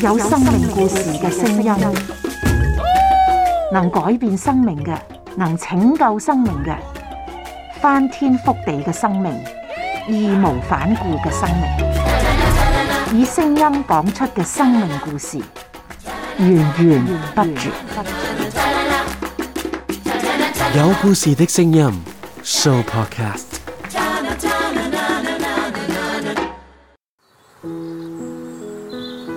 有生命故事嘅聲音，能改變生命嘅，能拯救生命嘅，翻天覆地嘅生命，義無反顧嘅生命，以聲音講出嘅生命故事，源源不絕。有故事嘅聲音，Show Podcast。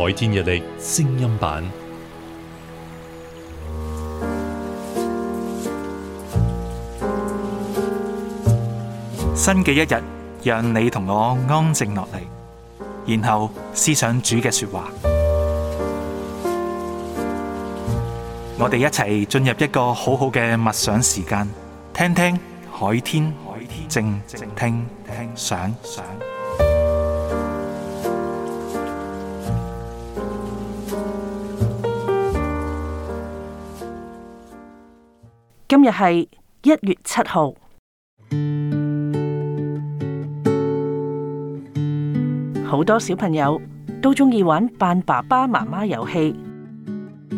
海天日曆聲音版，新嘅一日，讓你同我安靜落嚟，然後思想主嘅說話。我哋一齊進入一個好好嘅默想時間，聽聽海天，海天，靜靜聽聽想想。今日係一月七號，好多小朋友都鍾意玩扮爸爸媽媽遊戲，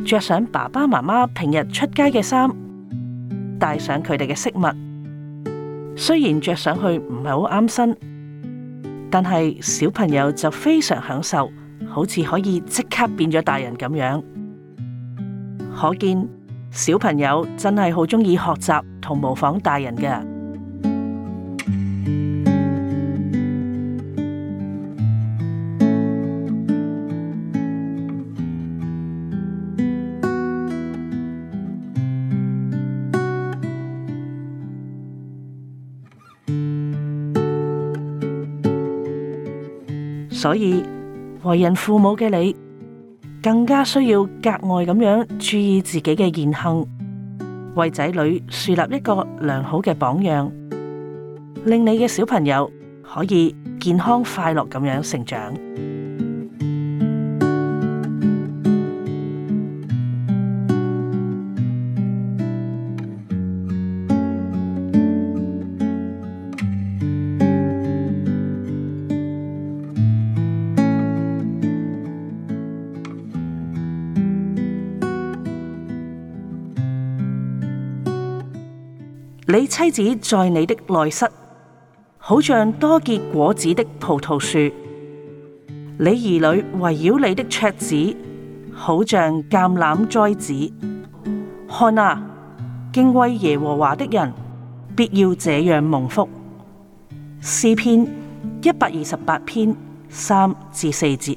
着上爸爸媽媽平日出街嘅衫，戴上佢哋嘅飾物。雖然着上去唔係好啱身，但係小朋友就非常享受，好似可以即刻變咗大人咁樣。可見。小朋友真係好中意學習同模仿大人嘅，所以為人父母嘅你，更加需要格外咁樣注意自己嘅言行，為仔女樹立一個良好嘅榜樣，令你嘅小朋友可以健康快樂咁樣成長。你妻子在你的內室，好像多結果子的葡萄樹；你兒女圍繞你的桌子，好像橄欖栽子。看啊，敬畏耶和華的人，必要這樣蒙福。詩篇一百二十八篇三至四節。